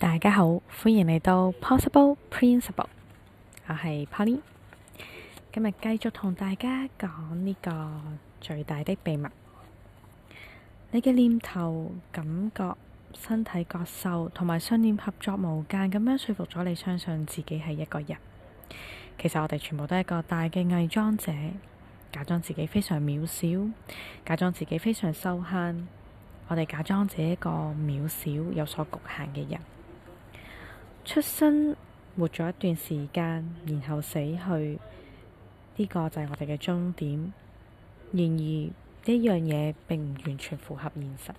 大家好，歡迎嚟到 Possible Principle，我係 Polly，今日繼續同大家講呢個最大的秘密。你嘅念頭、感覺、身體覺受，同埋信念合作無間，咁樣說服咗你相信自己係一個人。其實我哋全部都係一個大嘅偽裝者，假裝自己非常渺小，假裝自己非常受限。我哋假裝自己一個渺小、有所局限嘅人。出生，活咗一段時間，然後死去，呢個就係我哋嘅終點。然而呢樣嘢並唔完全符合現實。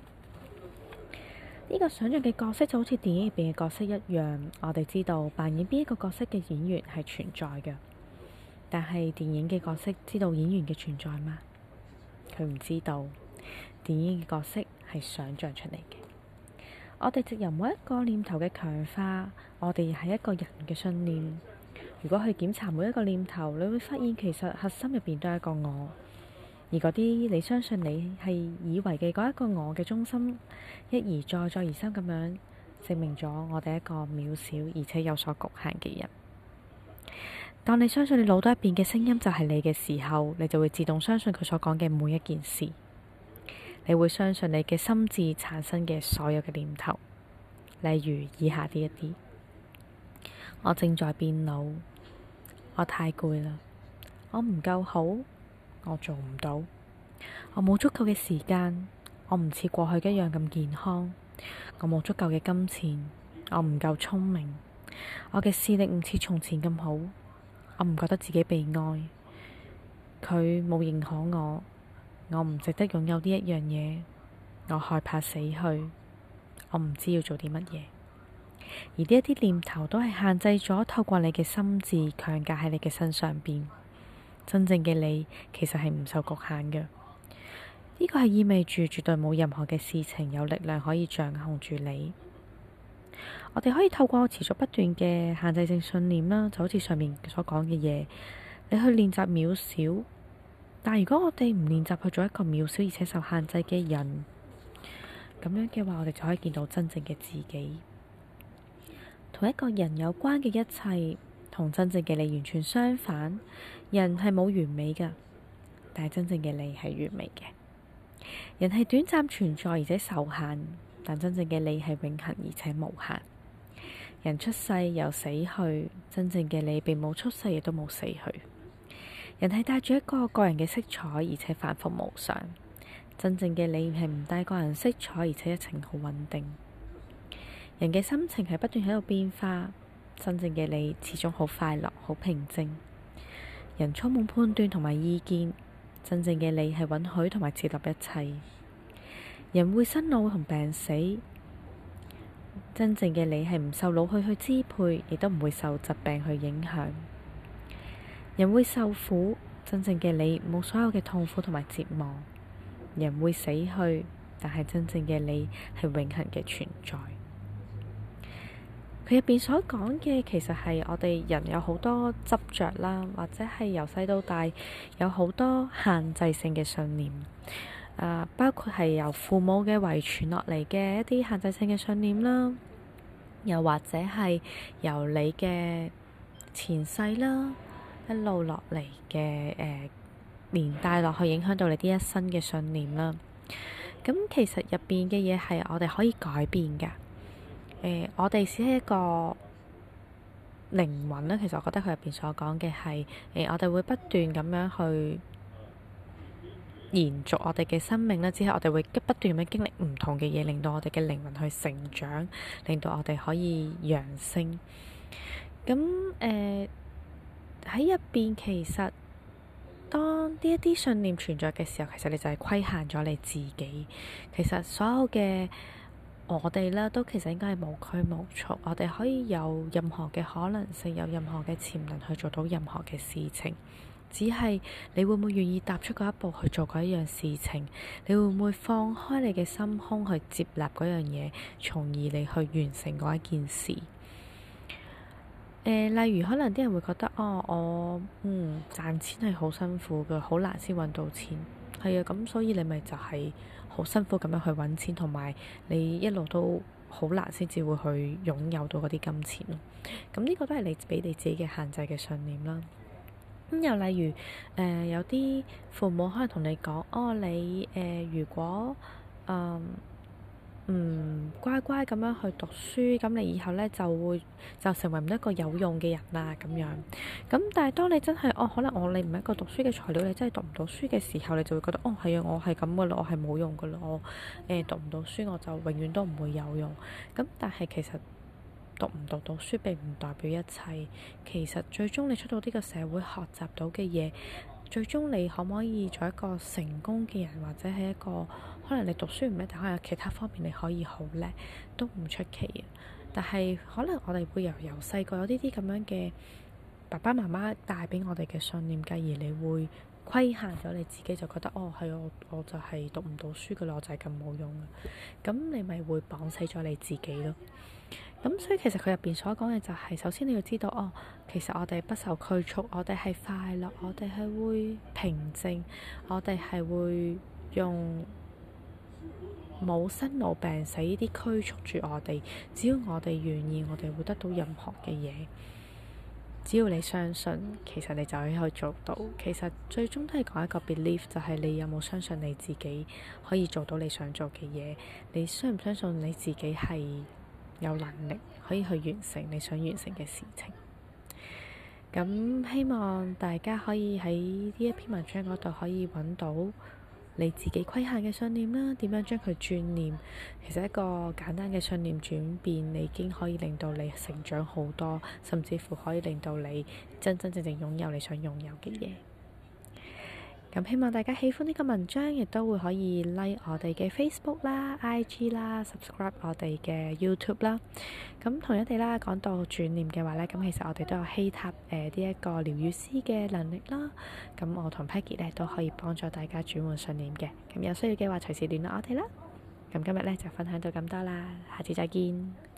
呢個想象嘅角色就好似電影入邊嘅角色一樣，我哋知道扮演邊一個角色嘅演員係存在嘅，但係電影嘅角色知道演員嘅存在嗎？佢唔知道，電影嘅角色係想象出嚟嘅。我哋藉由每一個念頭嘅強化，我哋係一個人嘅信念。如果去檢查每一個念頭，你會發現其實核心入邊都係一個我。而嗰啲你相信你係以為嘅嗰一個我嘅中心，一而再，再而三咁樣證明咗我哋一個渺小而且有所局限嘅人。當你相信你腦袋入邊嘅聲音就係你嘅時候，你就會自動相信佢所講嘅每一件事。你會相信你嘅心智產生嘅所有嘅念頭，例如以下呢一啲：我正在變老，我太攰啦，我唔夠好，我做唔到，我冇足夠嘅時間，我唔似過去一樣咁健康，我冇足夠嘅金錢，我唔夠聰明，我嘅視力唔似從前咁好，我唔覺得自己被愛，佢冇認可我。我唔值得擁有呢一樣嘢，我害怕死去，我唔知要做啲乜嘢，而呢一啲念頭都係限制咗透過你嘅心智強加喺你嘅身上邊。真正嘅你其實係唔受局限嘅，呢個係意味住絕對冇任何嘅事情有力量可以掌控住你。我哋可以透過持續不斷嘅限制性信念啦，就好似上面所講嘅嘢，你去練習渺小。但如果我哋唔練習去做一個渺小而且受限制嘅人，咁樣嘅話，我哋就可以見到真正嘅自己。同一個人有關嘅一切，同真正嘅你完全相反。人係冇完美㗎，但係真正嘅你係完美嘅。人係短暫存在而且受限，但真正嘅你係永恒而且無限。人出世又死去，真正嘅你並冇出世亦都冇死去。人係帶住一個個人嘅色彩，而且反覆無常。真正嘅你係唔帶個人色彩，而且情緒好穩定。人嘅心情係不斷喺度變化。真正嘅你始終好快樂、好平靜。人充滿判斷同埋意見。真正嘅你係允許同埋接納一切。人會生老同病死。真正嘅你係唔受老去去支配，亦都唔會受疾病去影響。人會受苦，真正嘅你冇所有嘅痛苦同埋折磨。人會死去，但係真正嘅你係永恆嘅存在。佢入邊所講嘅其實係我哋人有好多執著啦，或者係由細到大有好多限制性嘅信念啊，包括係由父母嘅遺傳落嚟嘅一啲限制性嘅信念啦，又或者係由你嘅前世啦。一路落嚟嘅誒連帶落去影響到你啲一生嘅信念啦。咁、嗯、其實入邊嘅嘢係我哋可以改變噶。誒、呃，我哋只係一個靈魂啦。其實我覺得佢入邊所講嘅係誒，我哋會不斷咁樣去延續我哋嘅生命啦。之後，我哋會不斷咁樣經歷唔同嘅嘢，令到我哋嘅靈魂去成長，令到我哋可以揚升。咁、嗯、誒？呃喺入邊，其實當呢一啲信念存在嘅時候，其實你就係規限咗你自己。其實所有嘅我哋咧，都其實應該係無拘無束。我哋可以有任何嘅可能性，有任何嘅潛能去做到任何嘅事情。只係你會唔會願意踏出嗰一步去做嗰一樣事情？你會唔會放開你嘅心胸去接納嗰樣嘢，從而你去完成嗰一件事？誒，例如可能啲人會覺得，哦，我嗯賺錢係好辛苦㗎，好難先揾到錢。係啊，咁所以你咪就係好辛苦咁樣去揾錢，同埋你一路都好難先至會去擁有到嗰啲金錢咯。咁呢個都係你俾你自己嘅限制嘅信念啦、嗯。又例如，誒、呃、有啲父母可能同你講，哦，你誒、呃、如果、呃嗯乖乖咁樣去讀書，咁你以後呢就會就成為唔一個有用嘅人啦，咁樣。咁但係當你真係哦，可能我你唔係一個讀書嘅材料，你真係讀唔到書嘅時候，你就會覺得哦，係啊，我係咁噶啦，我係冇用噶啦，我誒讀唔到書，我就永遠都唔會有用。咁但係其實讀唔讀到書並唔代表一切，其實最終你出到呢個社會學習，學習到嘅嘢。最終你可唔可以做一個成功嘅人，或者係一個可能你讀書唔一定，可能有其他方面你可以好叻都唔出奇嘅。但係可能我哋會由由細個有啲啲咁樣嘅爸爸媽媽帶俾我哋嘅信念，繼而你會。規限咗你自己，就覺得哦，係我我就係讀唔到書嘅咯，我就係咁冇用，咁你咪會綁死咗你自己咯。咁所以其實佢入邊所講嘅就係、是，首先你要知道哦，其實我哋不受拘束，我哋係快樂，我哋係會平靜，我哋係會用冇生老病死呢啲拘束住我哋。只要我哋願意，我哋會得到任何嘅嘢。只要你相信，其實你就可以去做到。其實最終都係講一個 belief，就係你有冇相信你自己可以做到你想做嘅嘢。你相唔相信你自己係有能力可以去完成你想完成嘅事情？咁希望大家可以喺呢一篇文章嗰度可以揾到。你自己規限嘅信念啦，點樣將佢轉念？其實一個簡單嘅信念轉變，你已經可以令到你成長好多，甚至乎可以令到你真真正正擁有你想擁有嘅嘢。咁希望大家喜歡呢個文章，亦都會可以 like 我哋嘅 Facebook 啦、IG 啦、subscribe 我哋嘅 YouTube 啦。咁同埋我哋啦，講到轉念嘅話呢，咁其實我哋都有希塔誒呢一個療愈師嘅能力啦。咁我同 Peggy 呢都可以幫助大家轉換信念嘅。咁有需要嘅話，隨時聯絡我哋啦。咁今日呢就分享到咁多啦，下次再見。